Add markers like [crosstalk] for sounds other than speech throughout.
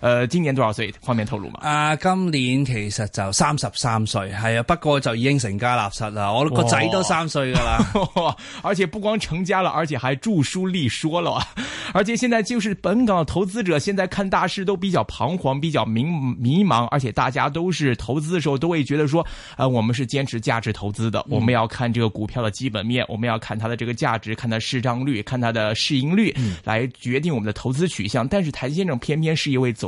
呃，今年多少歲？方便透露嘛？啊，今年其實就三十三歲，係啊，不過就已經成家立室了。我個仔都三歲噶啦，哦，而且不光成家了，而且還著書立說了。而且現在就是本港投資者，現在看大勢都比較彷徨，比較迷迷茫。而且大家都是投資的時候，都會覺得說，啊、呃，我們是堅持價值投資的，我們要看這個股票的基本面，我們要看它的這個價值，看它市賬率，看它的市盈率，來決定我們的投資取向。但是譚先生偏偏是一位走。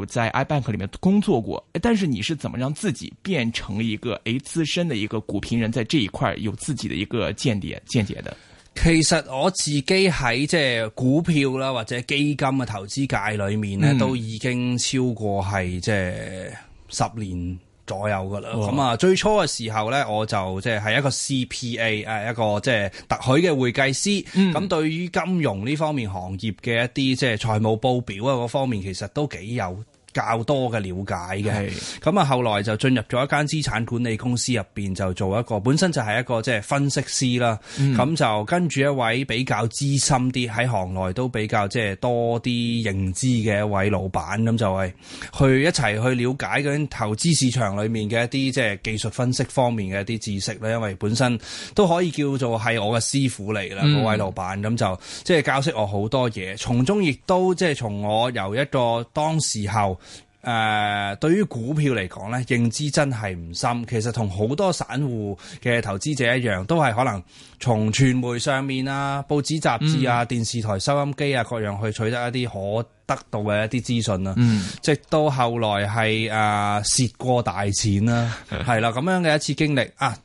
在 iBank 裏面工作過，但是你是怎麼讓自己變成一個誒資深的一個股評人，在這一塊有自己的一個見解見解的？其實我自己喺即係股票啦或者基金嘅投資界裏面咧，嗯、都已經超過係即係十年左右噶啦。咁、嗯、啊，最初嘅時候咧，我就即係一個 C P A 誒一個即係特許嘅會計師，咁、嗯、對於金融呢方面行業嘅一啲即係財務報表啊方面，其實都幾有。較多嘅了解嘅，咁啊、嗯，後來就進入咗一間資產管理公司入邊，就做一個本身就係一個即係分析師啦。咁就、嗯、跟住一位比較資深啲，喺行內都比較即係多啲認知嘅一位老闆，咁就係去一齊去了解嗰啲投資市場裏面嘅一啲即係技術分析方面嘅一啲知識咧。因為本身都可以叫做係我嘅師傅嚟啦，嗰、嗯、位老闆咁就即係教識我好多嘢，從中亦都即係從我由一個當時候。誒、呃、對於股票嚟講咧，認知真係唔深，其實同好多散戶嘅投資者一樣，都係可能從傳媒上面啊、報紙雜誌啊、電視台收音機啊各樣去取得一啲可得到嘅一啲資訊啦，嗯、直到後來係誒蝕過大錢啦，係啦， [laughs] 咁樣嘅一次經歷啊。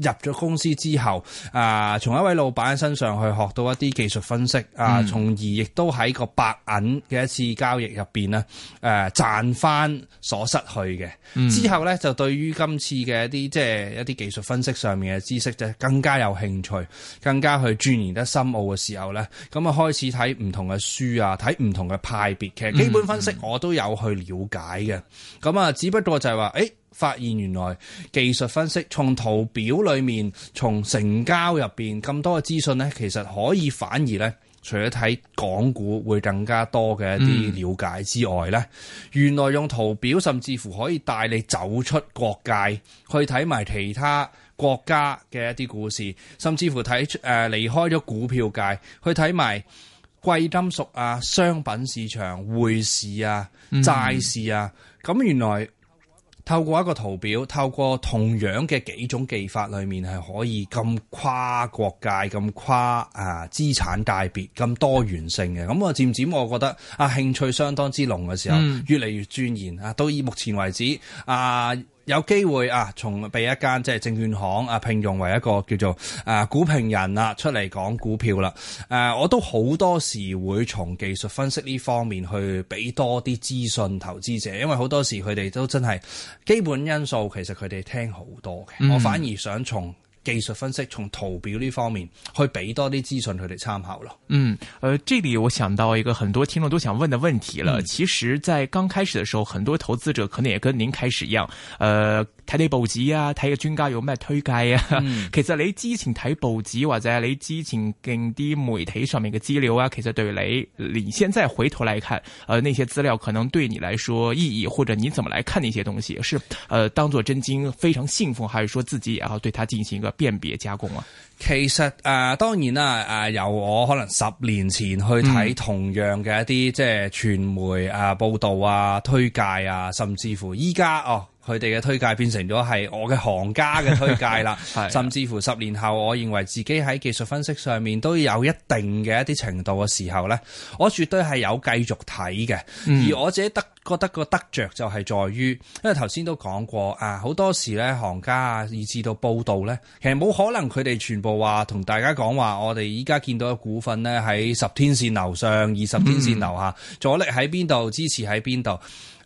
入咗公司之後，啊、呃，從一位老闆身上去學到一啲技術分析，啊、呃，從而亦都喺個白銀嘅一次交易入邊咧，誒、呃、賺翻所失去嘅。嗯、之後呢，就對於今次嘅一啲即係一啲技術分析上面嘅知識，就更加有興趣，更加去鑽研得深奧嘅時候呢，咁啊開始睇唔同嘅書啊，睇唔同嘅派別。其實基本分析我都有去了解嘅。咁啊、嗯嗯，嗯、只不過就係話，誒。發現原來技術分析從圖表裏面，從成交入邊咁多嘅資訊呢，其實可以反而呢，除咗睇港股會更加多嘅一啲了解之外呢，嗯、原來用圖表甚至乎可以帶你走出國界去睇埋其他國家嘅一啲股市，甚至乎睇誒、呃、離開咗股票界去睇埋貴金屬啊、商品市場、匯市啊、債市啊，咁、嗯嗯、原來。透過一個圖表，透過同樣嘅幾種技法裏面係可以咁跨國界、咁跨啊資產界別、咁多元性嘅，咁啊漸漸我覺得啊興趣相當之濃嘅時候，越嚟越鑽研啊。到以目前為止啊。有機會啊，從被一間即係證券行啊聘用為一個叫做啊股評人啦，出嚟講股票啦。誒、啊，我都好多時會從技術分析呢方面去俾多啲資訊投資者，因為好多時佢哋都真係基本因素，其實佢哋聽好多嘅，嗯、我反而想從。技術分析從圖表呢方面去俾多啲資訊佢哋參考咯。嗯，呃，這裏我想到一個很多聽眾都想問的問題了。其實，在剛開始的時候，很多投資者可能也跟您開始一樣，呃。睇啲報紙啊，睇個專家有咩推介啊？嗯、其實你之前睇報紙或者你之前勁啲媒體上面嘅資料啊，其實對你，你現在回頭嚟看，呃，那些資料可能對你嚟說意義，或者你怎麼嚟看呢些東西，是呃當做真經非常信奉，還是說自己也要對它進行一個辨別加工啊？其實啊、呃，當然啦，啊、呃，由我可能十年前去睇同樣嘅一啲、嗯、即係傳媒啊、呃、報道啊推介啊，甚至乎依家哦。佢哋嘅推介變成咗係我嘅行家嘅推介啦， [laughs] 的甚至乎十年後，我認為自己喺技術分析上面都有一定嘅一啲程度嘅時候呢，我絕對係有繼續睇嘅。嗯、而我自己得覺得個得着就係在於，因為頭先都講過啊，好多時呢，行家啊，以至到報道呢，其實冇可能佢哋全部話同大家講話，我哋依家見到嘅股份呢，喺十天線樓上、二十、嗯、天線樓下，阻力喺邊度、支持喺邊度。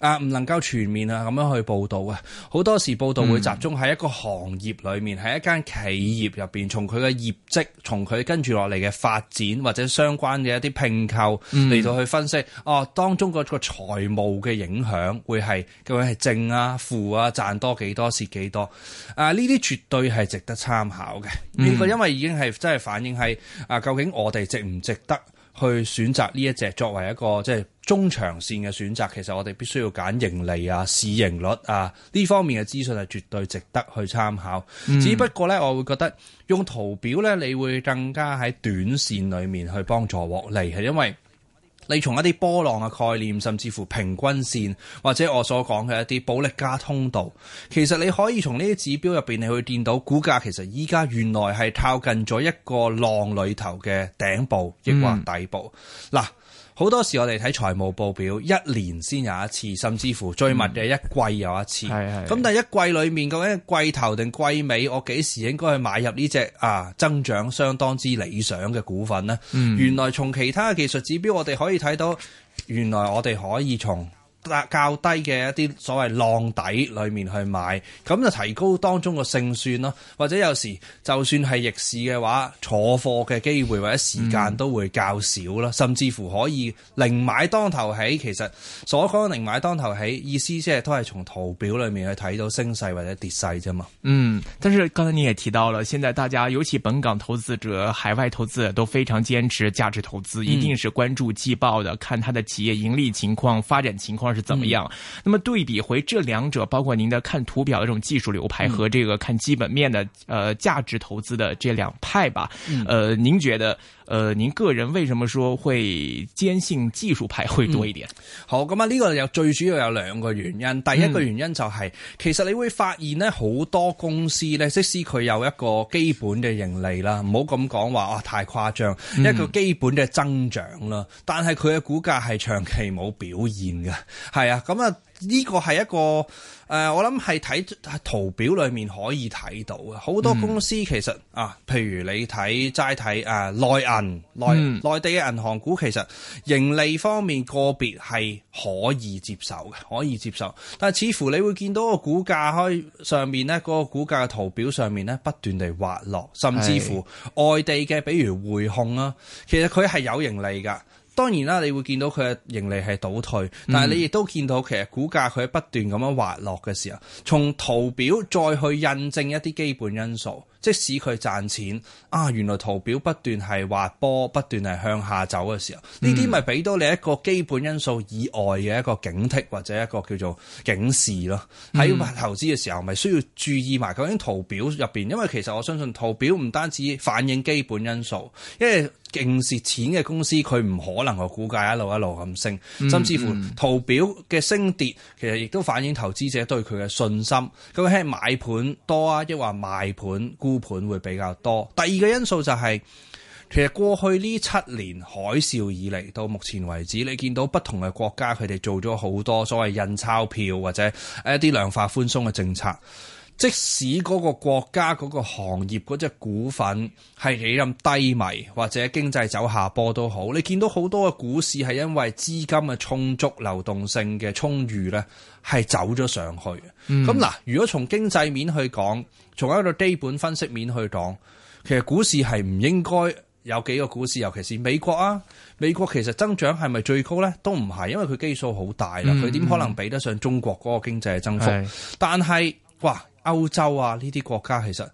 啊！唔能夠全面啊，咁樣去報導啊，好多時報導會集中喺一個行業裏面，喺、嗯、一間企業入邊，從佢嘅業績，從佢跟住落嚟嘅發展或者相關嘅一啲併購嚟、嗯、到去分析。哦、啊，當中嗰個財務嘅影響會係究竟係正啊、負啊、賺多幾多、蝕幾多、多啊？呢啲絕對係值得參考嘅，呢個、嗯、因為已經係真係反映係啊，究竟我哋值唔值得去選擇呢一隻作為一個即係。中長線嘅選擇，其實我哋必須要揀盈利啊、市盈率啊呢方面嘅資訊係絕對值得去參考。嗯、只不過呢，我會覺得用圖表呢，你會更加喺短線裏面去幫助獲利，係因為你從一啲波浪嘅概念，甚至乎平均線，或者我所講嘅一啲保力加通道，其實你可以從呢啲指標入邊，你會見到股價其實依家原來係靠近咗一個浪裏頭嘅頂部，抑或底部嗱。嗯好多時我哋睇財務報表，一年先有一次，甚至乎最密嘅一季有一次。咁、嗯、但係一季裏面嘅咧，究竟季頭定季尾，我幾時應該去買入呢隻啊增長相當之理想嘅股份呢？嗯、原來從其他技術指標，我哋可以睇到，原來我哋可以從較低嘅一啲所謂浪底裏面去買，咁就提高當中嘅勝算咯。或者有時就算係逆市嘅話，坐貨嘅機會或者時間都會較少啦。甚至乎可以寧買當頭起，其實所講寧買當頭起意思即係都係從圖表裏面去睇到升勢或者跌勢啫嘛。嗯，但是剛才你也提到了，現在大家尤其本港投資者、海外投資者都非常堅持價值投資，一定是關注季報的，看它的企業盈利情況發展情況。是怎麼樣？嗯、那麼對比回這兩者，包括您的看圖表的這種技術流派和這個看基本面的，嗯、呃，價值投資的這兩派吧，嗯、呃，您覺得？呃，您個人為什麼說會堅信技術派會多一點？嗯、好，咁啊，呢個有最主要有兩個原因。第一個原因就係、是，嗯、其實你會發現咧，好多公司咧，即使佢有一個基本嘅盈利啦，唔好咁講話啊太誇張，一個基本嘅增長啦，嗯、但係佢嘅股價係長期冇表現嘅，係啊，咁啊，呢個係一個。誒、呃，我諗係睇圖表裏面可以睇到啊，好多公司其實啊，譬如你睇齋睇誒內銀內內地嘅銀行股，其實盈利方面個別係可以接受嘅，可以接受。但係似乎你會見到股價，個股價開上面呢個股價嘅圖表上面呢，不斷地滑落，甚至乎外地嘅，比如匯控啦，其實佢係有盈利噶。當然啦，你會見到佢嘅盈利係倒退，但係你亦都見到其實股價佢喺不斷咁樣滑落嘅時候，從圖表再去印證一啲基本因素。即使佢賺錢啊，原來圖表不斷係滑波，不斷係向下走嘅時候，呢啲咪俾到你一個基本因素以外嘅一個警惕或者一個叫做警示咯。喺、嗯、投資嘅時候，咪需要注意埋究竟圖表入邊，因為其實我相信圖表唔單止反映基本因素，因為勁蝕錢嘅公司佢唔可能個股價一路一路咁升，嗯嗯、甚至乎圖表嘅升跌其實亦都反映投資者對佢嘅信心。究竟係買盤多啊，抑或賣盤。盤會比較多。第二個因素就係、是，其實過去呢七年海嘯以嚟，到目前為止，你見到不同嘅國家佢哋做咗好多所謂印鈔票或者一啲量化寬鬆嘅政策。即使嗰個國家嗰個行業嗰隻股份係幾咁低迷，或者經濟走下坡都好，你見到好多嘅股市係因為資金嘅充足、流動性嘅充裕，呢係走咗上去。咁嗱、嗯，如果從經濟面去講。從一個基本分析面去講，其實股市係唔應該有幾個股市，尤其是美國啊。美國其實增長係咪最高呢？都唔係，因為佢基數好大啦，佢點可能比得上中國嗰個經濟嘅增幅？嗯，但係哇，歐洲啊呢啲國家其實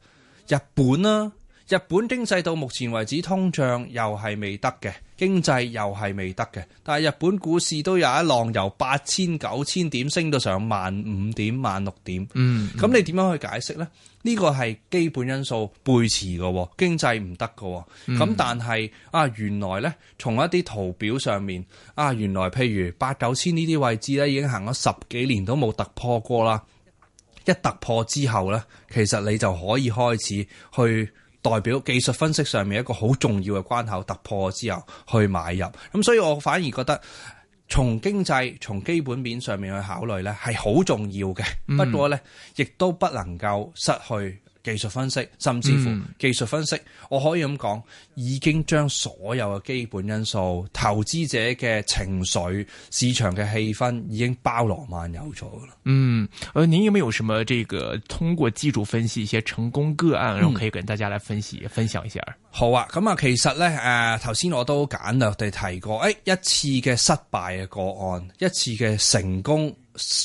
日本啊。日本經濟到目前為止通脹又係未得嘅，經濟又係未得嘅。但係日本股市都有一浪由八千九千點升到上萬五點、萬六點。嗯，咁你點樣去解釋呢？呢、呢個係基本因素背馳嘅經濟唔得嘅。咁、嗯、但係啊，原來呢，從一啲圖表上面啊，原來譬如八九千呢啲位置呢，已經行咗十幾年都冇突破過啦。一突破之後呢，其實你就可以開始去。代表技術分析上面一個好重要嘅關口突破之後去買入，咁所以我反而覺得從經濟、從基本面上面去考慮呢係好重要嘅，嗯、不過呢，亦都不能夠失去。技術分析，甚至乎技術分析，嗯、我可以咁講，已經將所有嘅基本因素、投資者嘅情緒、市場嘅氣氛，已經包羅萬有咗啦。嗯，誒、呃，你有冇有什麼這個通過技術分析一些成功個案，然後可以跟大家來分析、嗯、分享一下？好啊，咁、嗯、啊，其實咧，誒、啊，頭先我都簡略地提過，誒、哎，一次嘅失敗嘅個案，一次嘅成功。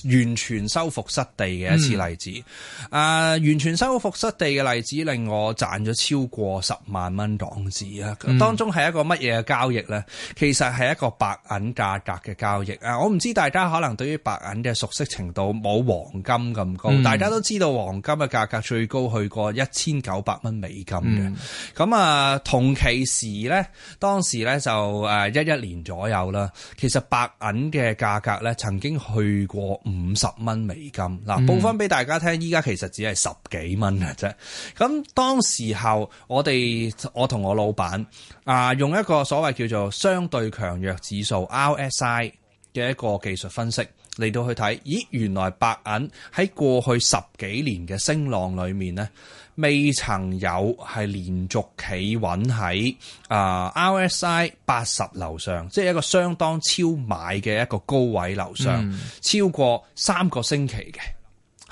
完全收復失地嘅一次例子，啊、嗯呃，完全收復失地嘅例子令我賺咗超過十萬蚊港紙啊！嗯、當中係一個乜嘢嘅交易呢？其實係一個白銀價格嘅交易啊、呃！我唔知大家可能對於白銀嘅熟悉程度冇黃金咁高，嗯、大家都知道黃金嘅價格最高去過一千九百蚊美金嘅。咁啊、嗯，嗯、同期時呢，當時呢就誒一,一一年左右啦，其實白銀嘅價格呢曾經去過。我五十蚊美金嗱，報翻俾大家聽。依家其實只係十幾蚊嘅啫。咁當時候，我哋我同我老闆啊，用一個所謂叫做相對強弱指數 RSI 嘅一個技術分析嚟到去睇，咦，原來白銀喺過去十幾年嘅升浪裏面咧。未曾有係連續企穩喺啊 RSI 八十樓上，即係一個相當超買嘅一個高位樓上，嗯、超過三個星期嘅，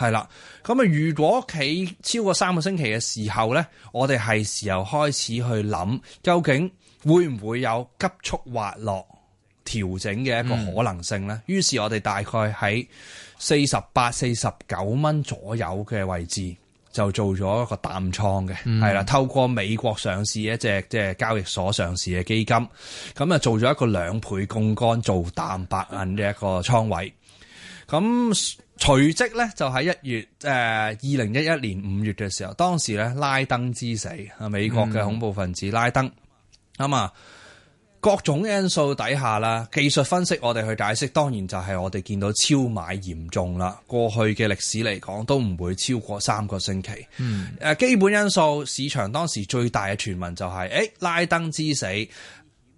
係啦。咁啊，如果企超過三個星期嘅時候呢，我哋係時候開始去諗究竟會唔會有急速滑落調整嘅一個可能性呢？嗯、於是，我哋大概喺四十八、四十九蚊左右嘅位置。就做咗一個淡倉嘅，係啦、嗯，透過美國上市一隻即係交易所上市嘅基金，咁啊做咗一個兩倍槓桿做淡白銀嘅一個倉位，咁隨即咧就喺一月誒二零一一年五月嘅時候，當時咧拉登之死，美國嘅恐怖分子拉登咁啊。嗯嗯各種因素底下啦，技術分析我哋去解釋，當然就係我哋見到超買嚴重啦。過去嘅歷史嚟講，都唔會超過三個星期。誒、嗯，基本因素，市場當時最大嘅傳聞就係、是，誒、欸，拉登之死，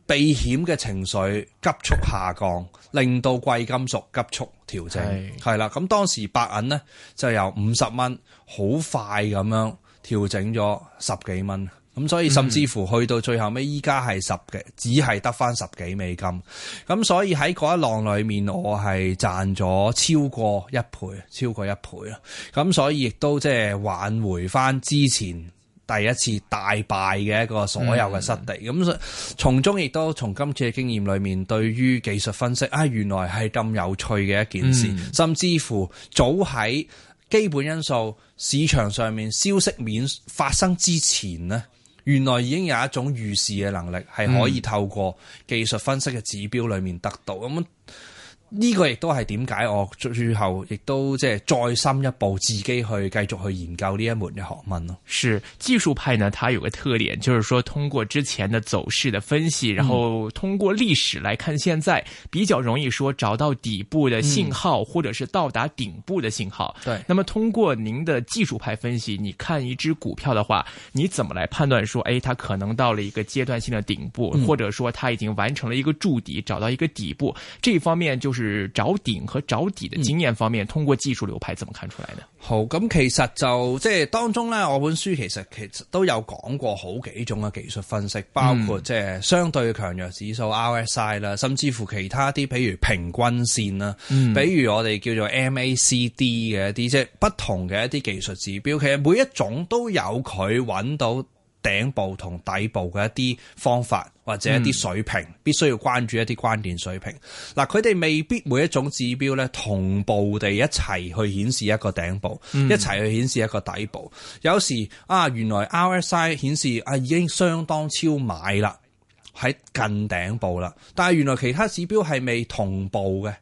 避險嘅情緒急速下降，令到貴金屬急速調整，係啦是。咁當時白銀呢，就由五十蚊，好快咁樣調整咗十幾蚊。咁所以甚至乎去到最後尾依家係十幾，只係得翻十幾美金。咁、嗯、所以喺嗰一浪裏面，我係賺咗超過一倍，超過一倍啊！咁所以亦都即係挽回翻之前第一次大敗嘅一個所有嘅失地。咁所從中亦都從今次嘅經驗裏面，對於技術分析啊，原來係咁有趣嘅一件事。嗯、甚至乎早喺基本因素市場上面消息面發生之前呢。原來已經有一種預示嘅能力，係可以透過技術分析嘅指標裏面得到咁。呢個亦都係點解我最後亦都即係再深一步自己去繼續去研究呢一門嘅學問咯。是，技術派呢，它有個特點，就是說通過之前的走勢的分析，然後通過歷史來看現在，比較容易說找到底部的信號，或者是到達頂部的信號。對、嗯。那麼通過您的技術派分析，你看一隻股票的話，你怎麼來判斷說，誒、哎，它可能到了一個階段性的頂部，或者說它已經完成了一個築底，找到一個底部？這一方面就是。是找頂和找底嘅經驗方面，嗯、通過技術流派怎麼看出來呢？好，咁其實就即係當中咧，我本書其實其實都有講過好幾種嘅技術分析，包括即係相對強弱指數 RSI 啦，SI，嗯、甚至乎其他啲，比如平均線啦，嗯、比如我哋叫做 MACD 嘅一啲即係不同嘅一啲技術指標，其實每一種都有佢揾到。頂部同底部嘅一啲方法或者一啲水平，嗯、必須要關注一啲關鍵水平。嗱，佢哋未必每一種指標咧同步地一齊去顯示一個頂部，嗯、一齊去顯示一個底部。有時啊，原來 RSI 顯示啊已經相當超買啦，喺近頂部啦，但係原來其他指標係未同步嘅。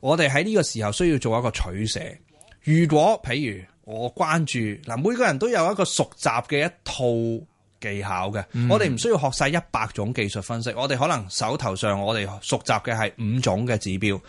我哋喺呢個時候需要做一個取捨。如果譬如我關注嗱，每個人都有一個熟習嘅一套。技巧嘅，嗯、我哋唔需要學晒一百種技術分析，我哋可能手頭上我哋熟習嘅係五種嘅指標。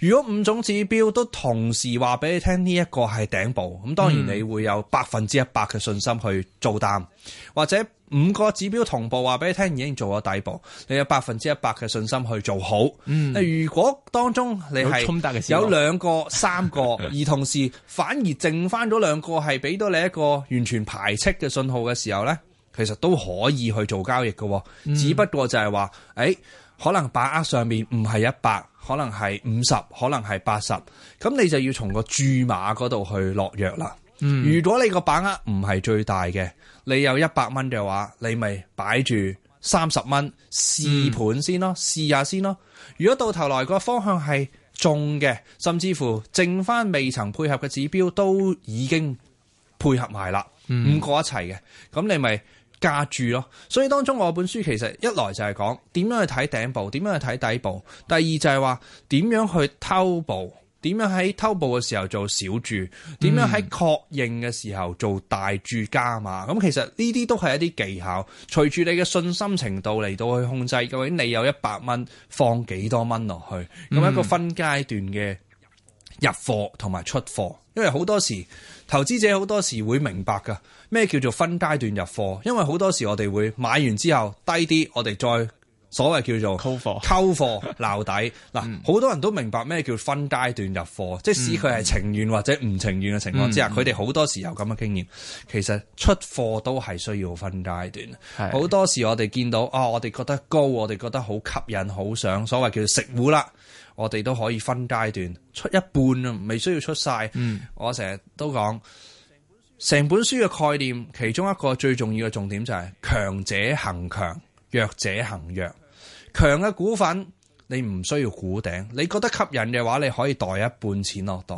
如果五種指標都同時話俾你聽呢一個係頂部，咁當然你會有百分之一百嘅信心去做單，嗯、或者五個指標同步話俾你聽已經做咗底部，你有百分之一百嘅信心去做好。但、嗯、如果當中你係有兩個、三個，嗯、而同時反而剩翻咗兩個係俾到你一個完全排斥嘅信號嘅時候咧？其實都可以去做交易嘅、哦，嗯、只不過就係話，誒、欸、可能把握上面唔係一百，可能係五十，可能係八十，咁你就要從個注碼嗰度去落藥啦。嗯、如果你個把握唔係最大嘅，你有一百蚊嘅話，你咪擺住三十蚊試盤先咯，嗯、試下先咯。如果到頭來個方向係中嘅，甚至乎剩翻未曾配合嘅指標都已經配合埋啦，五、嗯、個一齊嘅，咁你咪，加注咯，所以當中我本書其實一來就係講點樣去睇頂部，點樣去睇底部；第二就係話點樣去偷步，點樣喺偷步嘅時候做小注，點樣喺確認嘅時候做大注加碼。咁、嗯、其實呢啲都係一啲技巧，隨住你嘅信心程度嚟到去控制。究竟你有一百蚊放幾多蚊落去？咁一個分階段嘅入貨同埋出貨，因為好多時。投資者好多時會明白噶，咩叫做分階段入貨，因為好多時我哋會買完之後低啲，我哋再。所謂叫做溝貨、溝貨鬧底嗱，好多人都明白咩叫分階段入貨，嗯、即使佢係情願或者唔情願嘅情況之下，佢哋好多時候有咁嘅經驗。其實出貨都係需要分階段，好多時我哋見到啊、哦，我哋覺得高，我哋覺得好吸引，好想所謂叫做食糊啦，我哋都可以分階段出一半啊，未需要出晒。嗯、我成日都講，成本書嘅概念，其中一個最重要嘅重點就係強者恆強。弱者行弱，強嘅股份你唔需要估頂，你覺得吸引嘅話，你可以代一半錢落袋，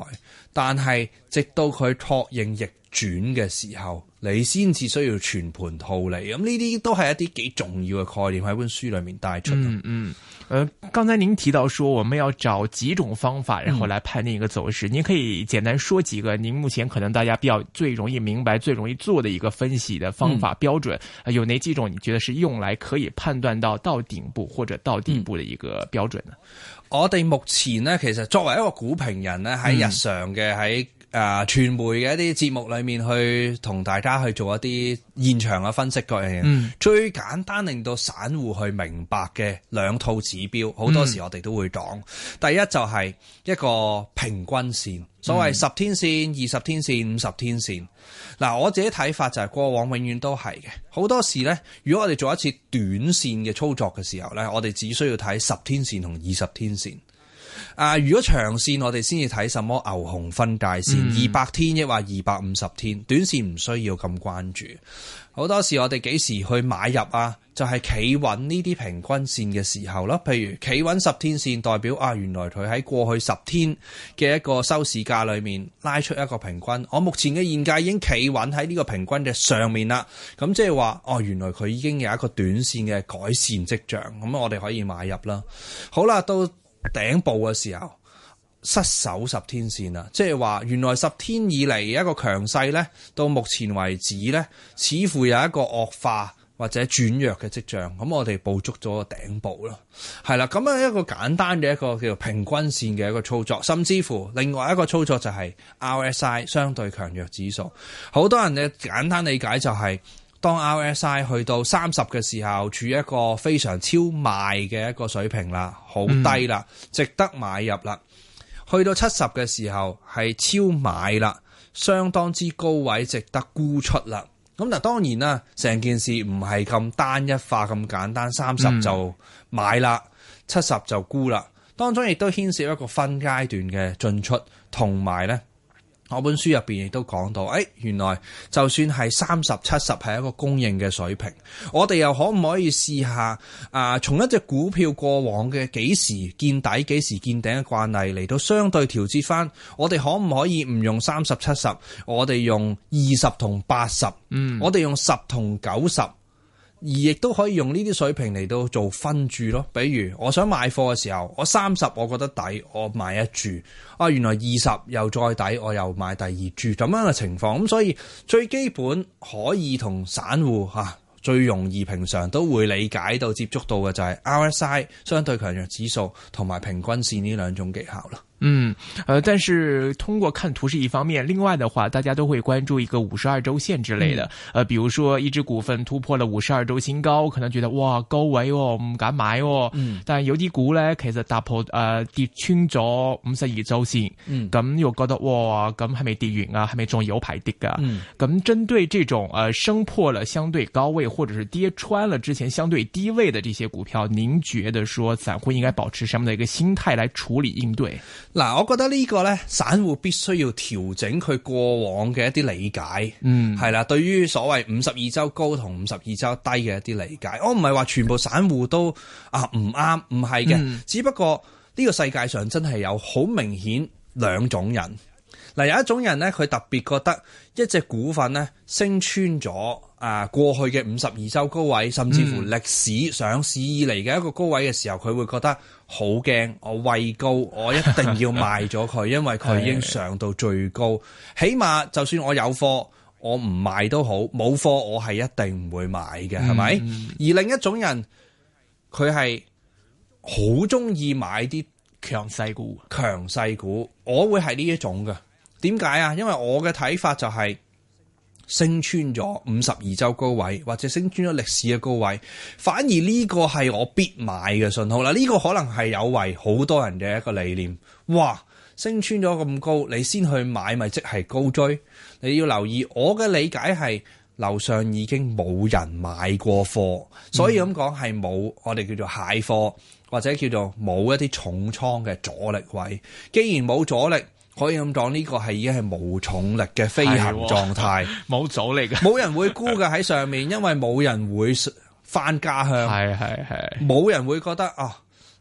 但係直到佢確認逆轉嘅時候，你先至需要全盤套利。咁呢啲都係一啲幾重要嘅概念喺本書裏面帶出。嗯嗯。嗯呃，剛才您提到說我們要找幾種方法，然後來判定一個走勢。嗯、您可以簡單說幾個，您目前可能大家比較最容易明白、最容易做的一個分析的方法、嗯、標準、呃，有哪幾種？你覺得是用來可以判斷到到頂部或者到底部的一個標準呢、嗯嗯？我哋目前呢，其實作為一個股評人呢，喺日常嘅喺。嗯誒，傳媒嘅、啊、一啲節目裏面去同大家去做一啲現場嘅分析各樣嘢，嗯、最簡單令到散戶去明白嘅兩套指標，好多時、嗯、我哋都會講。第一就係一個平均線，所謂十天線、二十天線、五十天線。嗱、啊，我自己睇法就係過往永遠都係嘅。好多時呢，如果我哋做一次短線嘅操作嘅時候呢，我哋只需要睇十天線同二十天線。啊！如果長線我哋先至睇什麼牛熊分界線，二百、嗯、天抑或二百五十天，短線唔需要咁關注。好多時我哋幾時去買入啊？就係企穩呢啲平均線嘅時候咯。譬如企穩十天線，代表啊，原來佢喺過去十天嘅一個收市價裏面拉出一個平均。我目前嘅現價已經企穩喺呢個平均嘅上面啦。咁即係話哦，原來佢已經有一個短線嘅改善跡象，咁我哋可以買入啦。好啦，到。頂部嘅時候失守十天線啦，即係話原來十天以嚟一個強勢咧，到目前為止咧，似乎有一個惡化或者轉弱嘅跡象。咁我哋捕捉咗個頂部咯，係啦。咁樣一個簡單嘅一個叫平均線嘅一個操作，甚至乎另外一個操作就係 RSI 相對強弱指數。好多人嘅簡單理解就係，是。當 RSI 去到三十嘅時候，處於一個非常超賣嘅一個水平啦，好低啦，值得買入啦。去到七十嘅時候係超買啦，相當之高位，值得沽出啦。咁嗱，當然啦，成件事唔係咁單一化咁簡單，三十就買啦，七十就沽啦。當中亦都牽涉一個分階段嘅進出，同埋咧。我本書入邊亦都講到，誒、哎、原來就算係三十七十係一個公認嘅水平，我哋又可唔可以試下？啊、呃，從一隻股票過往嘅幾時見底、幾時見頂嘅慣例嚟到相對調節翻，我哋可唔可以唔用三十七十？我哋用二十同八十，嗯，我哋用十同九十。而亦都可以用呢啲水平嚟到做分注咯，比如我想買貨嘅時候，我三十我覺得抵，我買一注，啊，原來二十又再抵，我又買第二注咁樣嘅情況，咁、嗯、所以最基本可以同散戶吓、啊、最容易平常都會理解到、接觸到嘅就係 RSI 相對強弱指數同埋平均線呢兩種技巧咯。嗯，呃，但是通過看圖是一方面，另外的話，大家都會關注一個五十二周線之類的。嗯、呃，比如說一隻股份突破了五十二周新高，可能覺得哇，高位哦，唔敢買哦。嗯。但係有啲股咧，其實打破誒跌穿咗五十二周線。呃、嗯。咁又覺得哇，咁、哦、還沒跌完啊，還沒仲有排跌啊。嗯。咁針對這種呃升破了相對高位，或者是跌穿了之前相對低位的這些股票，您覺得說散戶應該保持什麼樣的一個心態來處理應對？嗱，我覺得呢個咧，散戶必須要調整佢過往嘅一啲理解，嗯，係啦，對於所謂五十二周高同五十二周低嘅一啲理解，我唔係話全部散戶都啊唔啱，唔係嘅，嗯，只不過呢個世界上真係有好明顯兩種人。嗱，有一種人咧，佢特別覺得一隻股份咧，升穿咗啊過去嘅五十二周高位，甚至乎歷史上市以嚟嘅一個高位嘅時候，佢會覺得好驚，我畏高，我一定要賣咗佢，因為佢已經上到最高。起碼就算我有貨，我唔賣都好；冇貨，我係一定唔會買嘅，係咪、嗯？而另一種人，佢係好中意買啲強勢股，強勢股，我會係呢一種嘅。點解啊？因為我嘅睇法，就係升穿咗五十二周高位，或者升穿咗歷史嘅高位，反而呢個係我必買嘅信號啦。呢個可能係有為好多人嘅一個理念。哇，升穿咗咁高，你先去買咪即係高追？你要留意，我嘅理解係樓上已經冇人買過貨，所以咁講係冇我哋叫做蟹貨，或者叫做冇一啲重倉嘅阻力位。既然冇阻力。可以咁講，呢、這個係已經係無重力嘅飛行狀態，冇阻力嘅，冇 [laughs] 來人會沽嘅喺上面，因為冇人會翻家鄉，係係係，冇人會覺得啊。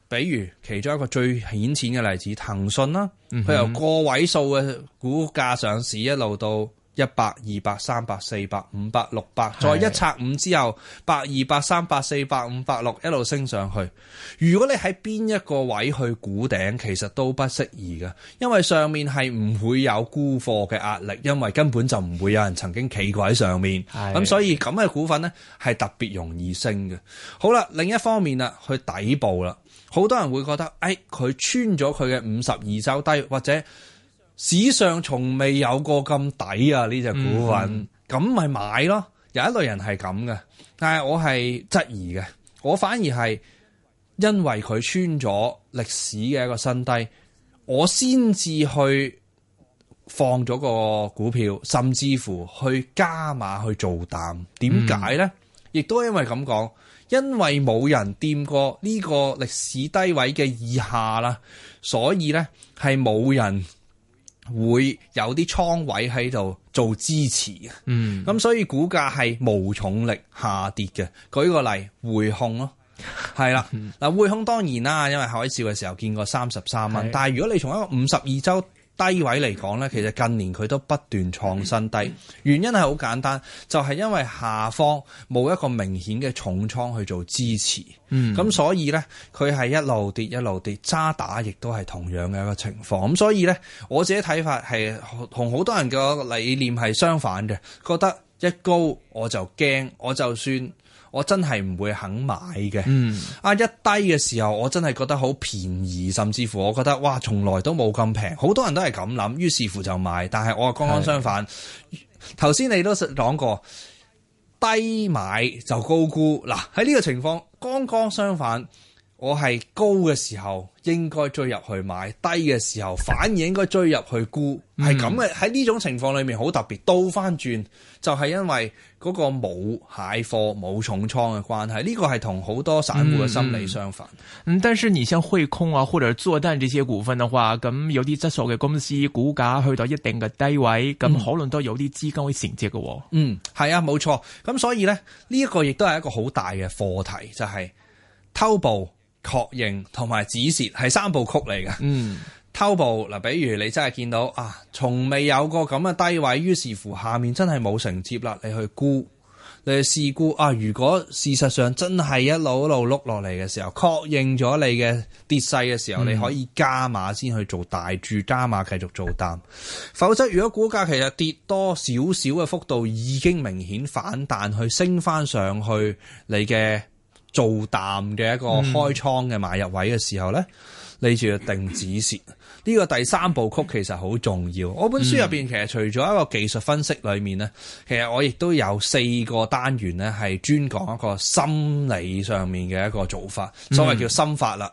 比如其中一個最顯淺嘅例子，騰訊啦，佢由個位數嘅股價上市一路到，一百、二百、三百、四百、五百、六百，再一拆五之後，百、二百、三百、四百、五百、六一路升上去。如果你喺邊一個位去估頂，其實都不適宜嘅，因為上面係唔會有沽貨嘅壓力，因為根本就唔會有人曾經企過喺上面。咁的所以咁嘅股份呢係特別容易升嘅。好啦，另一方面啦，去底部啦，好多人會覺得，哎，佢穿咗佢嘅五十二周低，或者。史上從未有過咁抵啊！呢隻股份咁咪、嗯、買咯。有一類人係咁嘅，但係我係質疑嘅。我反而係因為佢穿咗歷史嘅一個新低，我先至去放咗個股票，甚至乎去加碼去做淡。點解咧？嗯、亦都因為咁講，因為冇人掂過呢個歷史低位嘅以下啦，所以咧係冇人。會有啲倉位喺度做支持，嗯，咁所以股價係無重力下跌嘅。舉個例，匯控咯，係啦，嗱、嗯、匯控當然啦，因為海嘯嘅時候見過三十三蚊，的但係如果你從一個五十二周低位嚟講呢，其實近年佢都不斷創新低，原因係好簡單，就係因為下方冇一個明顯嘅重倉去做支持，嗯，咁所以呢，佢係一路跌一路跌，渣打亦都係同樣嘅一個情況。咁所以呢，我自己睇法係同好多人嘅理念係相反嘅，覺得一高我就驚，我就算。我真係唔會肯買嘅。嗯，啊，一低嘅時候，我真係覺得好便宜，甚至乎我覺得哇，從來都冇咁平。好多人都係咁諗，於是乎就買。但係我剛剛相反。頭先的你都講過，低買就高沽。嗱，喺呢個情況剛剛相反，我係高嘅時候應該追入去買，低嘅時候反而應該追入去沽，係咁嘅。喺呢種情況裏面好特別，倒翻轉就係、是、因為。嗰個冇蟹貨冇重倉嘅關係，呢、這個係同好多散戶嘅心理相反。嗯，但是你像匯控啊，或者做蛋這些股份嘅話，咁有啲質素嘅公司股價去到一定嘅低位，咁、嗯、可能都有啲資金可以承接嘅。嗯，係啊，冇錯。咁所以咧，呢、這個、一個亦都係一個好大嘅課題，就係、是、偷步確認同埋止蝕係三部曲嚟嘅。嗯。偷步嗱，比如你真係見到啊，從未有過咁嘅低位，於是乎下面真係冇承接啦，你去沽，你去試沽啊。如果事實上真係一路一路碌落嚟嘅時候，確認咗你嘅跌勢嘅時候，嗯、你可以加碼先去做大注，加碼繼續做淡。否則，如果股價其實跌多少少嘅幅度已經明顯反彈，去升翻上去，你嘅做淡嘅一個開倉嘅買入位嘅時候呢，嗯、你就要定止蝕。呢個第三部曲其實好重要。我本書入邊其實除咗一個技術分析裏面呢，其實我亦都有四個單元呢，係專講一個心理上面嘅一個做法，所謂叫心法啦。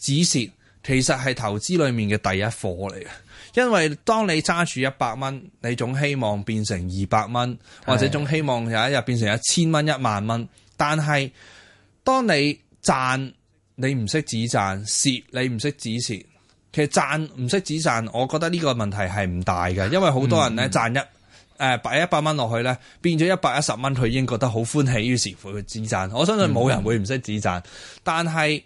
止蝕其實係投資裏面嘅第一課嚟嘅，因為當你揸住一百蚊，你總希望變成二百蚊，或者總希望有一日變成一千蚊、一萬蚊。但係當你賺，你唔識止賺；蝕，你唔識止蝕。其實賺唔識止賺，我覺得呢個問題係唔大嘅，因為好多人咧賺一誒擺，一百蚊落去咧，變咗一百一十蚊，佢已經覺得好歡喜，於是乎佢止賺。我相信冇人會唔識止賺，但係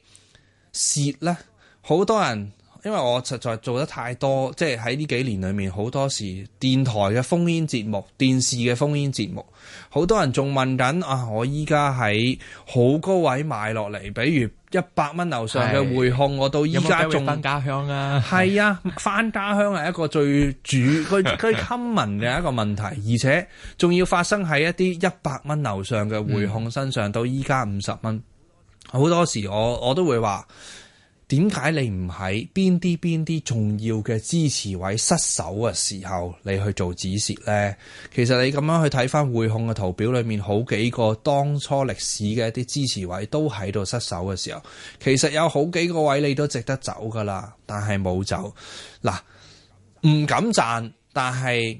蝕咧，好多人。因為我實在做得太多，即係喺呢幾年裏面好多時電台嘅封煙節目、電視嘅封煙節目，好多人仲問緊啊！我依家喺好高位買落嚟，比如一百蚊樓上嘅匯控，是我到依家仲返家鄉啊！係還 [laughs] 啊，返家鄉係一個最主最最 common 嘅一個問題，而且仲要發生喺一啲一百蚊樓上嘅匯控身上，嗯、到依家五十蚊，好多時我我都會話。點解你唔喺邊啲邊啲重要嘅支持位失守嘅時候，你去做止蝕呢？其實你咁樣去睇翻匯控嘅圖表裏面，好幾個當初歷史嘅一啲支持位都喺度失守嘅時候，其實有好幾個位你都值得走噶啦，但係冇走。嗱，唔敢賺，但係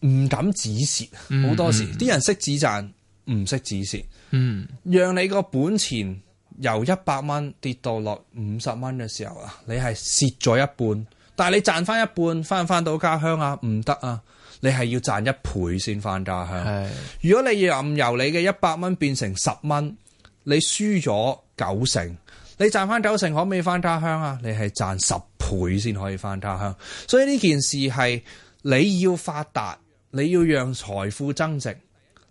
唔敢止蝕。好，mm hmm. 多時啲人識止賺，唔識止蝕。嗯、mm，hmm. 讓你個本錢。由一百蚊跌到落五十蚊嘅時候啊，你係蝕咗一半，但係你賺翻一半翻唔翻到家鄉啊？唔得啊！你係要賺一倍先翻家鄉。是的 如果你要由你嘅一百蚊變成十蚊，你輸咗九成，你賺翻九成可唔可以翻家鄉啊？你係賺十倍先可以翻家鄉。所以呢件事係你要發達，你要讓財富增值。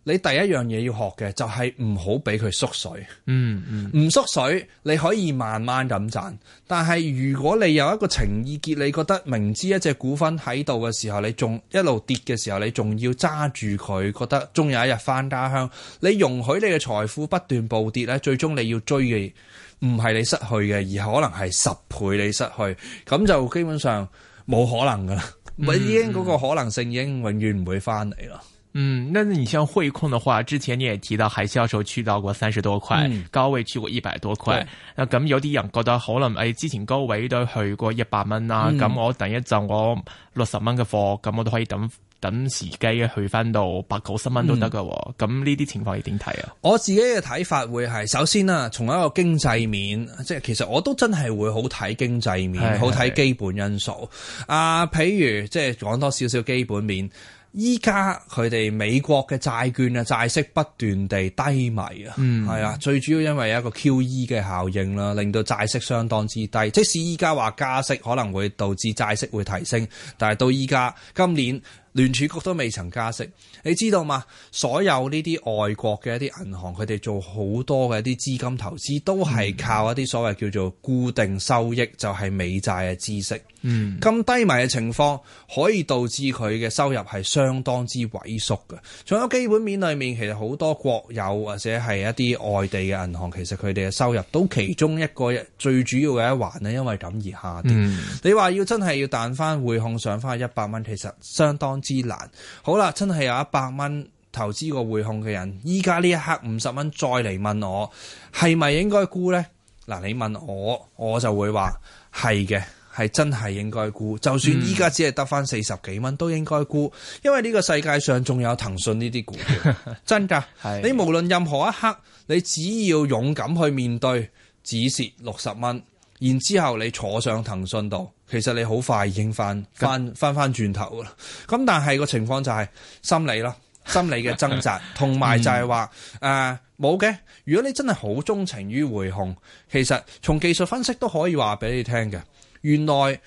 你第一樣嘢要學嘅就係唔好俾佢縮水，嗯嗯，唔、嗯、縮水你可以慢慢咁賺。但係如果你有一個情意結，你覺得明知一隻股份喺度嘅時候，你仲一路跌嘅時候，你仲要揸住佢，覺得仲有一日翻家鄉，你容許你嘅財富不斷暴跌咧，最終你要追嘅唔係你失去嘅，而可能係十倍你失去，咁就基本上冇可能噶啦，嗯、 [laughs] 已經嗰個可能性已經永遠唔會翻嚟啦。嗯，那你像匯控的話，之前你也提到，海嘯時候去到過三十多塊，嗯、高位去過一百多塊。咁有啲人覺得可能誒，之前高位都去過一百蚊啦。咁我等一陣我六十蚊嘅貨，咁我都可以等等時機去翻到百九十蚊都得噶。咁呢啲情況你點睇啊？嗯我，等等我，嗯嗯 okay. 嗯、我自己嘅睇法會係，首先啊，從一個經濟面，即係其實我都真係會好睇經濟面，好睇基本因素。啊，譬如即係講多少少基本面。依家佢哋美國嘅債券啊，債息不斷地低迷啊，嗯、係啊，最主要因為有一個 QE 嘅效應啦，令到債息相當之低。即使依家話加息可能會導致債息會提升，但係到依家今年聯儲局都未曾加息，你知道嘛？所有呢啲外國嘅一啲銀行，佢哋做好多嘅一啲資金投資，都係靠一啲所謂叫做固定收益，就係、是、美債嘅孳息。嗯，咁低迷嘅情況可以導致佢嘅收入係相當之萎縮嘅。仲有基本面裏面，其實好多國有或者係一啲外地嘅銀行，其實佢哋嘅收入都其中一個最主要嘅一環呢，因為咁而下跌。嗯，你話要真係要彈翻匯控上翻去一百蚊，其實相當之難。好啦，真係有一百蚊投資個匯控嘅人，依家呢一刻五十蚊再嚟問我係咪應該沽呢？嗱，你問我，我就會話係嘅。係真係應該沽，就算依家只係得翻四十幾蚊，都應該沽。因為呢個世界上仲有騰訊呢啲股票，真㗎。你無論任何一刻，你只要勇敢去面對，止蝕六十蚊，然之後你坐上騰訊度，其實你好快已經翻翻翻翻轉頭啦。咁但係個情況就係心理咯，心理嘅掙扎 [laughs] 同埋就係話誒冇嘅。如果你真係好鍾情於匯控，其實從技術分析都可以話俾你聽嘅。原來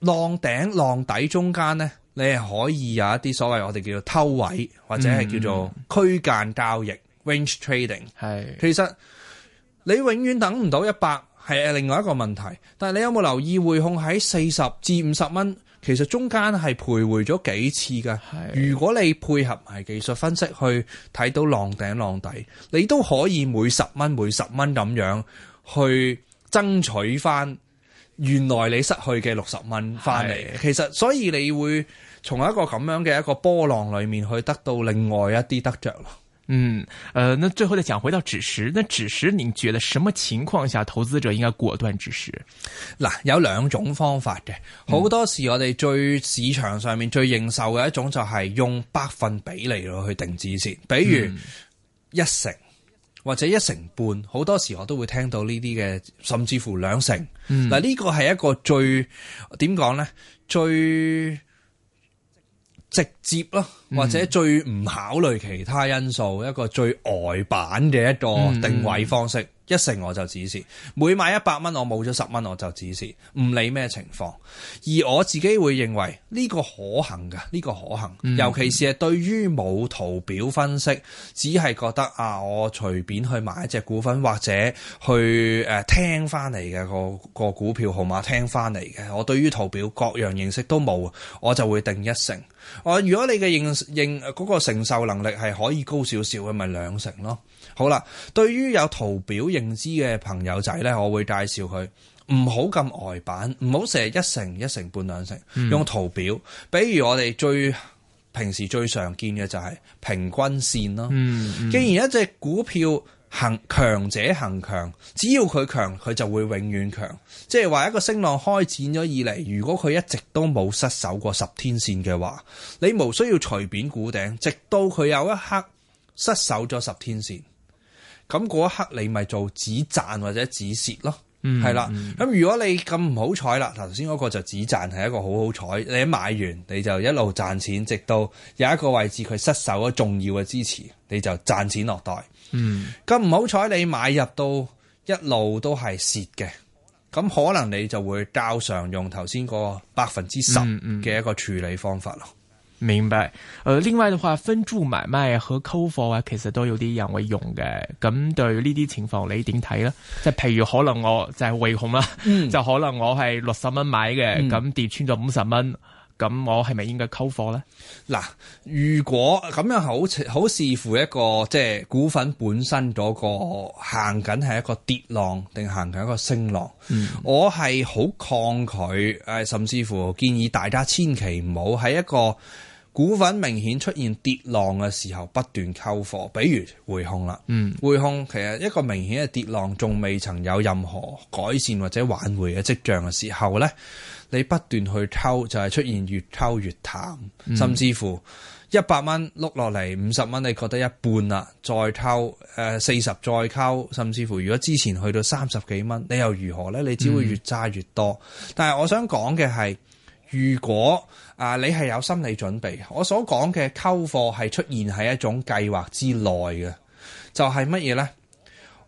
浪頂浪底中間呢，你係可以有一啲所謂我哋叫做偷位，或者係叫做區間交易、嗯、（range trading）。係是其實你永遠等唔到一百係另外一個問題。但係你有冇留意匯控喺四十至五十蚊？其實中間係徘徊咗幾次㗎。是如果你配合埋技術分析去睇到浪頂浪底，你都可以每十蚊每十蚊咁樣去爭取返。原來你失去嘅六十蚊翻嚟，是其實所以你會從一個咁樣嘅一個波浪裡面去得到另外一啲得着。咯。嗯，誒、呃，那最後再講回到止蝕，那止蝕您覺得什麼情況下投資者應該果斷止蝕？嗱，有兩種方法嘅，嗯、好多時我哋最市場上面最認受嘅一種就係用百分比嚟去定止蝕，比如一成。嗯或者一成半，好多時我都會聽到呢啲嘅，甚至乎兩成。嗱、嗯，呢個係一個最點講咧，最直接咯，或者最唔考慮其他因素一個最呆板嘅一個定位方式。嗯嗯一成我就指示，每買一百蚊我冇咗十蚊我就指示，唔理咩情況。而我自己會認為呢、呢個可行噶，呢、呢個可行。尤其是係對於冇圖表分析，只係覺得啊，我隨便去買一隻股份或者去誒、啊、聽翻嚟嘅個、嗰個股票號碼聽翻嚟嘅，我對於圖表各樣認識都冇，我就會定一成。我如果你嘅認認、嗰個承受能力係可以高少少嘅，咪兩成咯。好啦，對於有圖表認知嘅朋友仔呢，我會介紹佢唔好咁呆板，唔好成日一成一成半兩成，嗯、用圖表。比如我哋最平時最常見嘅就係平均線咯。嗯嗯，既然一隻股票行強者恒強，只要佢強，佢就會永遠強。即係話一個升浪開展咗以嚟，如果佢一直都冇失守過十天線嘅話，你無需要隨便估頂，直到佢有一刻失守咗十天線。咁嗰一刻你咪做止賺或者止蝕咯，係、嗯、啦。咁如果你咁唔好彩啦，頭先嗰個就止賺係一個好好彩，你買完你就一路賺錢，直到有一個位置佢失守咗重要嘅支持，你就賺錢落袋。咁唔好彩你買入到一路都係蝕嘅，咁可能你就會較常用頭先個百分之十嘅一個處理方法咯。嗯嗯明白，誒、呃，另外嘅話，分注買賣和溝貨啊，其實都有啲人會用嘅，咁對呢啲情況你點睇咧？即係譬如可能我就係匯控啦，嗯、就可能我係六十蚊買嘅，咁跌穿咗五十蚊，咁、嗯、我係咪應該溝貨咧？嗱，如果咁樣好，好似好視乎一個即係股份本身嗰個行緊係一個跌浪，定行緊一個升浪，嗯、我係好抗拒誒，甚至乎建議大家千祈唔好喺一個。股份明顯出現跌浪嘅時候，不斷溝貨，比如匯控啦。嗯，匯控其實一個明顯嘅跌浪，仲未曾有任何改善或者挽回嘅跡象嘅時候呢，你不斷去溝，就係、是、出現越溝越淡，甚至乎一百蚊碌落嚟五十蚊，你覺得一半啦，再溝誒四十，再溝，甚至乎如果之前去到三十幾蚊，你又如何呢？你只會越揸越多。嗯、但係我想講嘅係。如果啊，你係有心理準備，我所講嘅溝貨係出現喺一種計劃之內嘅，就係乜嘢呢？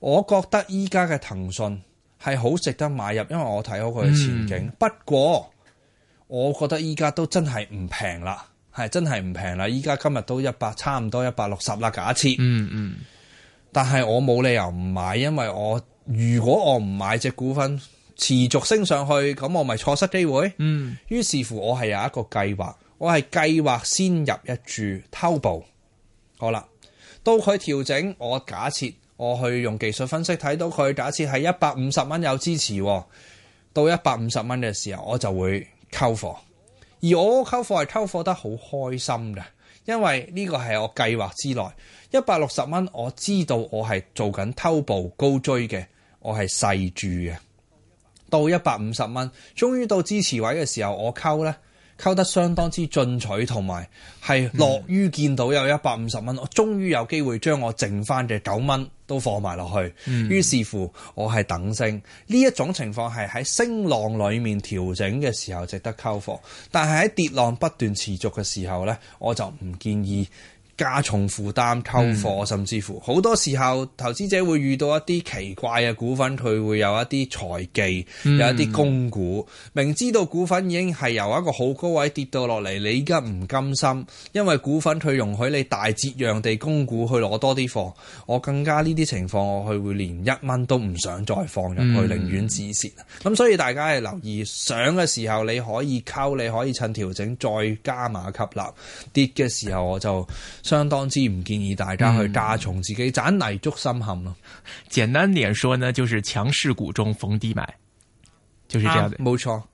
我覺得依家嘅騰訊係好值得買入，因為我睇好佢嘅前景。嗯、不過，我覺得依家都真係唔平啦，係真係唔平啦！依家今日都一百差唔多一百六十啦，假設。嗯嗯。但係我冇理由唔買，因為我如果我唔買隻股份。持續升上去，咁我咪錯失機會。嗯，於是乎，我係有一個計劃，我係計劃先入一注偷步。好啦，到佢調整，我假設我去用技術分析睇到佢，假設係一百五十蚊有支持。到一百五十蚊嘅時候，我就會溝貨。而我溝貨係溝貨得好開心嘅，因為呢個係我計劃之內。一百六十蚊，我知道我係做緊偷步高追嘅，我係細注嘅。到一百五十蚊，終於到支持位嘅時候，我溝呢溝得相當之進取，同埋係樂於見到有一百五十蚊，嗯、我終於有機會將我剩翻嘅九蚊都放埋落去。嗯、於是乎，我係，我係等升呢一種情況係喺升浪裡面調整嘅時候值得溝貨，但係喺跌浪不斷持續嘅時候呢，我就唔建議。加重負擔溝貨，甚至乎好多時候投資者會遇到一啲奇怪嘅股份，佢會有一啲財技，嗯、有一啲供股。明知道股份已經係由一個好高位跌到落嚟，你依家唔甘心，因為股份佢容許你大折讓地供股去攞多啲貨。我更加呢啲情況，我佢會連一蚊都唔想再放入去，嗯、寧願止蝕。咁所以大家係留意，上嘅時候你可以溝，你可以趁調整再加碼吸納；跌嘅時候我就。相當之唔建議大家去加重自己，盞、嗯、泥足深陷咯。簡單點說呢，就是強勢股中逢低買，就是這樣的，冇錯、嗯。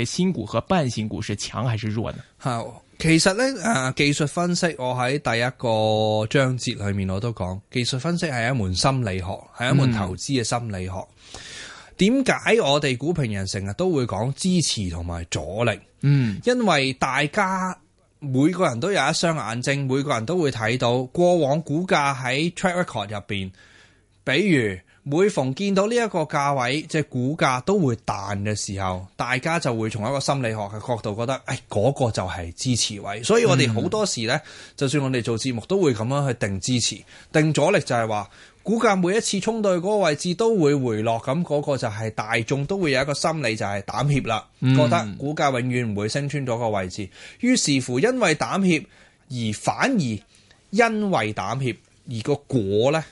嘅新股和半新股是強還是弱呢？好，其實咧，誒，技術分析我喺第一個章節裏面我都講，技術分析係一門心理學，係一門投資嘅心理學。點解、嗯、我哋股評人成日都會講支持同埋阻力？嗯，因為大家每個人都有一雙眼睛，每個人都會睇到過往股價喺 track record 入邊，比如。每逢見到呢一個價位，即係股價都會彈嘅時候，大家就會從一個心理學嘅角度覺得，誒嗰、嗰個就係支持位。所以我哋好多時呢，嗯、就算我哋做節目都會咁樣去定支持、定阻力就，就係話股價每一次衝到去嗰個位置都會回落，咁、嗰、嗰個就係大眾都會有一個心理就係膽怯啦，嗯、覺得股價永遠唔會升穿咗個位置。於是乎，因為膽怯而反而因為膽怯而個果呢。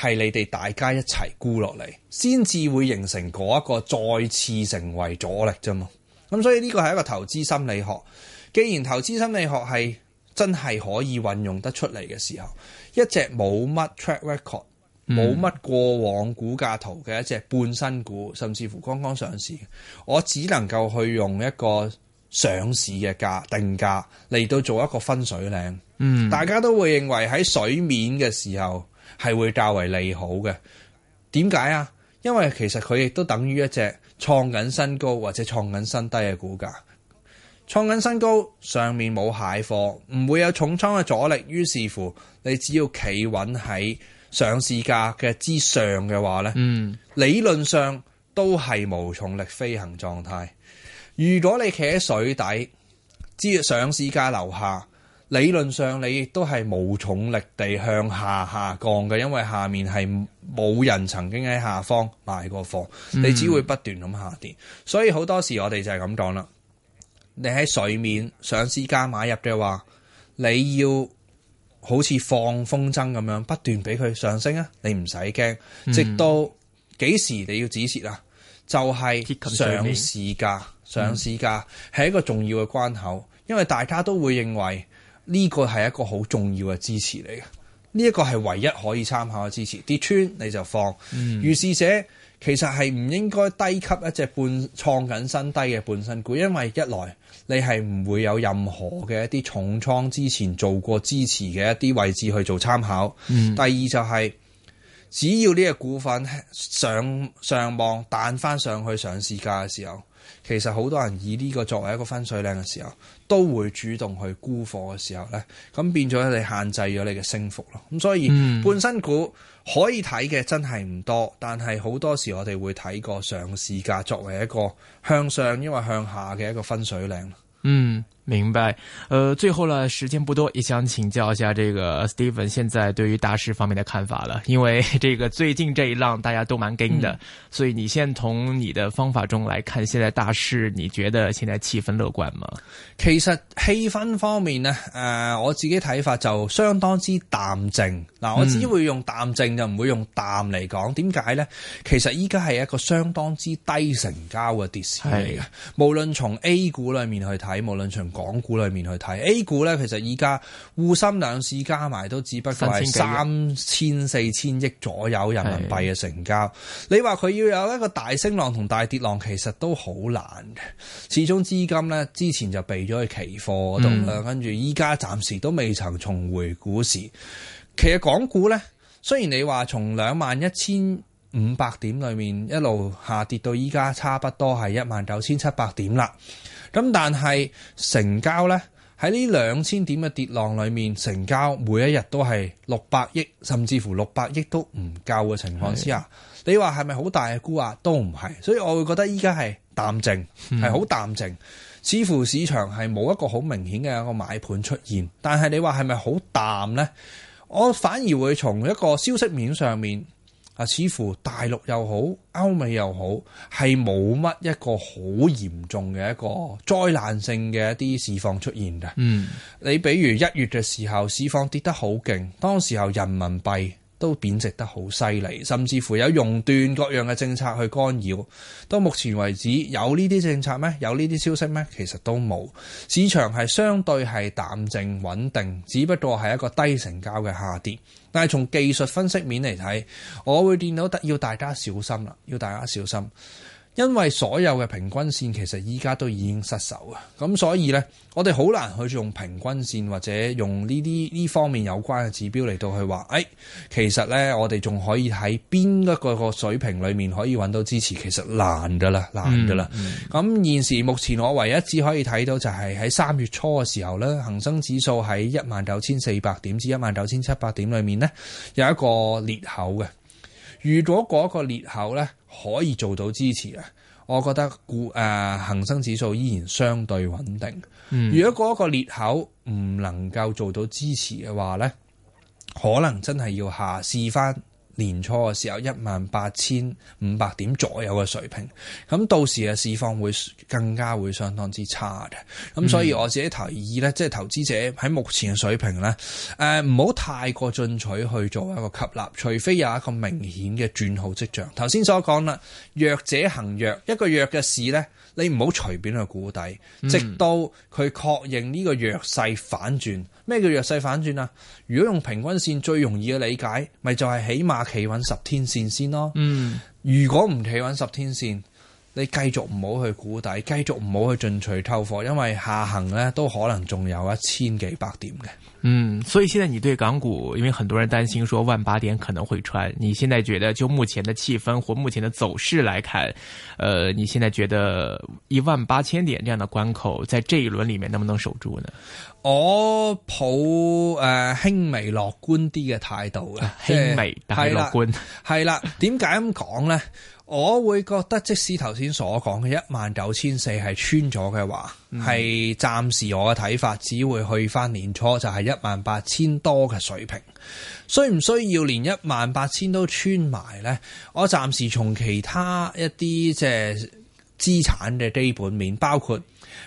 係你哋大家一齊沽落嚟，先至會形成嗰一個再次成為阻力啫嘛。咁、嗯、所以呢個係一個投資心理學。既然投資心理學係真係可以運用得出嚟嘅時候，一隻冇乜 track record、冇乜過往股價圖嘅一隻半新股，甚至乎剛剛上市，我只能夠去用一個上市嘅價定價嚟到做一個分水嶺。嗯，大家都會認為喺水面嘅時候。係會較為利好嘅，點解啊？因為其實佢亦都等於一隻創緊新高或者創緊新低嘅股價，創緊新高上面冇蟹貨，唔會有重倉嘅阻力，於是乎你只要企穩喺上市價嘅之上嘅話呢，嗯、理論上都係無重力飛行狀態。如果你企喺水底，只要上市價樓下。理論上你亦都係無重力地向下下降嘅，因為下面係冇人曾經喺下方買過貨，你只會不斷咁下跌。嗯、所以好多時我哋就係咁講啦。你喺水面上市價買入嘅話，你要好似放風箏咁樣不斷俾佢上升啊，你唔使驚。直到幾時你要止蝕啊？就係、是、上市價，上市價係一個重要嘅關口，因為大家都會認為。呢個係一個好重要嘅支持嚟嘅，呢一個係唯一可以參考嘅支持。跌穿你就放，嗯、如是者其實係唔應該低吸一隻半創緊新低嘅半新股，因為一來你係唔會有任何嘅一啲重倉之前做過支持嘅一啲位置去做參考，嗯、第二就係、是、只要呢個股份上上網彈翻上去上市價嘅時候。其實好多人以呢個作為一個分水嶺嘅時候，都會主動去沽貨嘅時候呢，咁變咗你限制咗你嘅升幅咯。咁所以半、嗯、新股可以睇嘅真係唔多，但係好多時我哋會睇個上市價作為一個向上因為向下嘅一個分水嶺。嗯。明白，呃，最後啦，時間不多，也想請教一下這個 Steven，現在對於大市方面的看法啦。因為這個最近這一浪大家都蠻驚的，嗯、所以你先從你的方法中來看，現在大市你覺得現在氣氛樂觀嗎？其實氣氛方面咧，誒、呃，我自己睇法就相當之淡靜。嗱，我自己會用淡靜、嗯、就唔會用淡嚟講，點解咧？其實依家係一個相當之低成交嘅跌市嚟嘅，的無論從 A 股裏面去睇，無論從港股裏面去睇 A 股咧，其實依家滬深兩市加埋都只不過係三千四千億左右人民幣嘅成交。是的 你話佢要有一個大升浪同大跌浪，其實都好難嘅。始終資金咧，之前就避咗去期貨度啦，嗯、跟住依家暫時都未曾重回股市。其實港股咧，雖然你話從兩萬一千五百點裏面一路下跌到依家，差不多係一萬九千七百點啦。咁但係成交呢，喺呢兩千點嘅跌浪裏面，成交每一日都係六百億，甚至乎六百億都唔夠嘅情況之下，是的 你話係咪好大嘅沽壓都唔係，所以我會覺得依家係淡靜係好淡靜，似乎市場係冇一個好明顯嘅一個買盤出現。但係你話係咪好淡呢？我反而會從一個消息面上面。啊！似乎大陸又好，歐美又好，係冇乜一個好嚴重嘅一個災難性嘅一啲市況出現嘅。嗯，你比如一月嘅時候，市況跌得好勁，當時候人民幣。都貶值得好犀利，甚至乎有熔斷各樣嘅政策去干擾。到目前為止有呢啲政策咩？有呢啲消息咩？其實都冇。市場係相對係淡靜穩定，只不過係一個低成交嘅下跌。但係從技術分析面嚟睇，我會見到得要大家小心啦，要大家小心。因為所有嘅平均線其實依家都已經失守啊，咁所以呢，我哋好難去用平均線或者用呢啲呢方面有關嘅指標嚟到去話，誒、哎，其實呢，我哋仲可以喺邊一個個水平裏面可以揾到支持，其實難噶啦，難噶啦。咁、嗯嗯、現時目前我唯一只可以睇到就係喺三月初嘅時候呢，恆生指數喺一萬九千四百點至一萬九千七百點裏面呢，有一個裂口嘅。如果嗰個裂口咧可以做到支持啊，我覺得股誒恆生指數依然相對穩定。嗯、如果嗰個裂口唔能夠做到支持嘅話咧，可能真係要下試翻。年初嘅時候一萬八千五百點左右嘅水平，咁到時嘅市況會更加會相當之差嘅。咁、嗯、所以我自己提議呢，即係投資者喺目前嘅水平呢，誒唔好太過進取去做一個吸納，除非有一個明顯嘅轉好跡象。頭先所講啦，弱者行弱，一個弱嘅市呢，你唔好隨便去估底，直到佢確認呢個弱勢反轉。咩叫弱勢反轉啊？如果用平均線最容易嘅理解，咪就係、是、起碼。企穩十天線先咯，嗯，如果唔企穩十天線。你繼續唔好去估底，繼續唔好去進取抽貨，因為下行咧都可能仲有一千幾百點嘅。嗯，所以現在你對港股，因為很多人擔心說萬八點可能會穿。你現在覺得就目前的氣氛或目前的走勢來看，呃，你現在覺得一萬八千點這樣的關口，在這一輪裏面能不能守住呢？我抱誒輕、呃、微樂觀啲嘅態度嘅、啊，輕、啊、微大係樂觀係啦。點解咁講呢？ [laughs] 我會覺得，即使頭先所講嘅一萬九千四係穿咗嘅話，係、嗯、暫時我嘅睇法，只會去翻年初就係一萬八千多嘅水平。需唔需要連一萬八千都穿埋呢？我暫時從其他一啲即係資產嘅基本面，包括，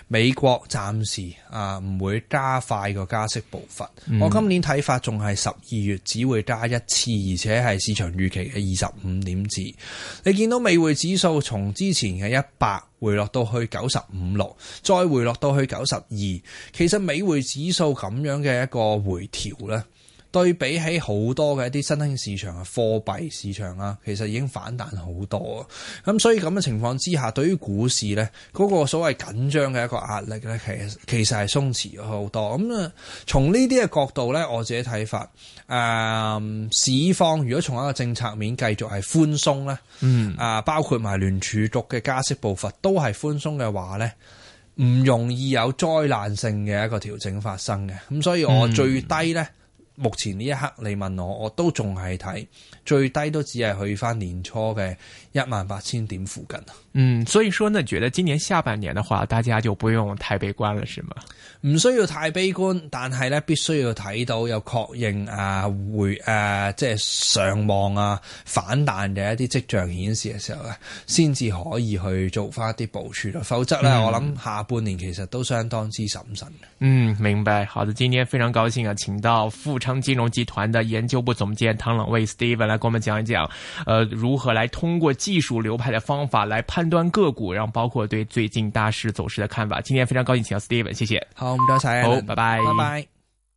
美國暫時啊唔會加快個加息步伐。嗯，我今年睇法仲係十二月只會加一次，而且係市場預期嘅二十五點子。你見到美匯指數從之前嘅一百回落到去九十五六，再回落到去九十二。其實美匯指數咁樣嘅一個回調呢。對比起好多嘅一啲新興市場啊，貨幣市場啊，其實已經反彈好多啊。咁所以咁嘅情況之下，對於股市咧，嗰、那個所謂緊張嘅一個壓力咧，其實其實係鬆弛咗好多。咁啊，從呢啲嘅角度咧，我自己睇法，誒、啊、市況如果從一個政策面繼續係寬鬆咧，嗯啊，包括埋聯儲局嘅加息步伐都係寬鬆嘅話咧，唔容易有災難性嘅一個調整發生嘅。咁所以我最低咧。嗯目前呢一刻，你問我，我都仲係睇最低都只係去翻年初嘅。一萬八千點附近啊，嗯，所以說呢，覺得今年下半年的話，大家就不用太悲觀了，是嗎？唔需要太悲觀，但係呢，必須要睇到有確認啊回誒、呃，即係上望啊反彈嘅一啲跡象顯示嘅時候呢，先至可以去做翻一啲部署。否則呢，嗯、我諗下半年其實都相當之審慎。嗯，明白，好的，今天非常高興啊，請到富昌金融集團的研究部總監譚朗蔚 Steven 來跟我們講一講，誒、呃，如何來通過。技術流派的方法來判斷個股，然後包括對最近大市走勢的看法。今天非常高興請到 Steven，謝謝。好，我們多謝 s 拜拜，oh，拜拜。